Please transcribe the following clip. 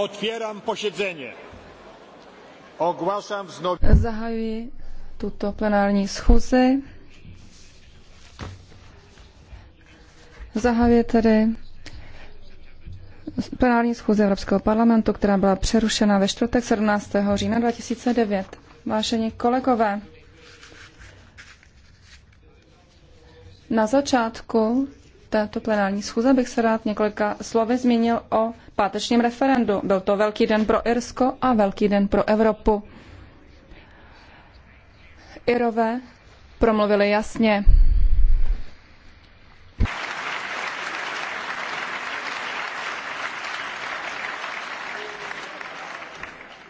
Otvírám Ogłaszam znowu. Zahajuji tuto plenární schůzi. Zahajuji tedy plenární schůze Evropského parlamentu, která byla přerušena ve čtvrtek 17. října 2009. Vážení kolegové, na začátku této plenární schůze bych se rád několika slovy zmínil o pátečním referendu. Byl to velký den pro Irsko a velký den pro Evropu. Irové promluvili jasně.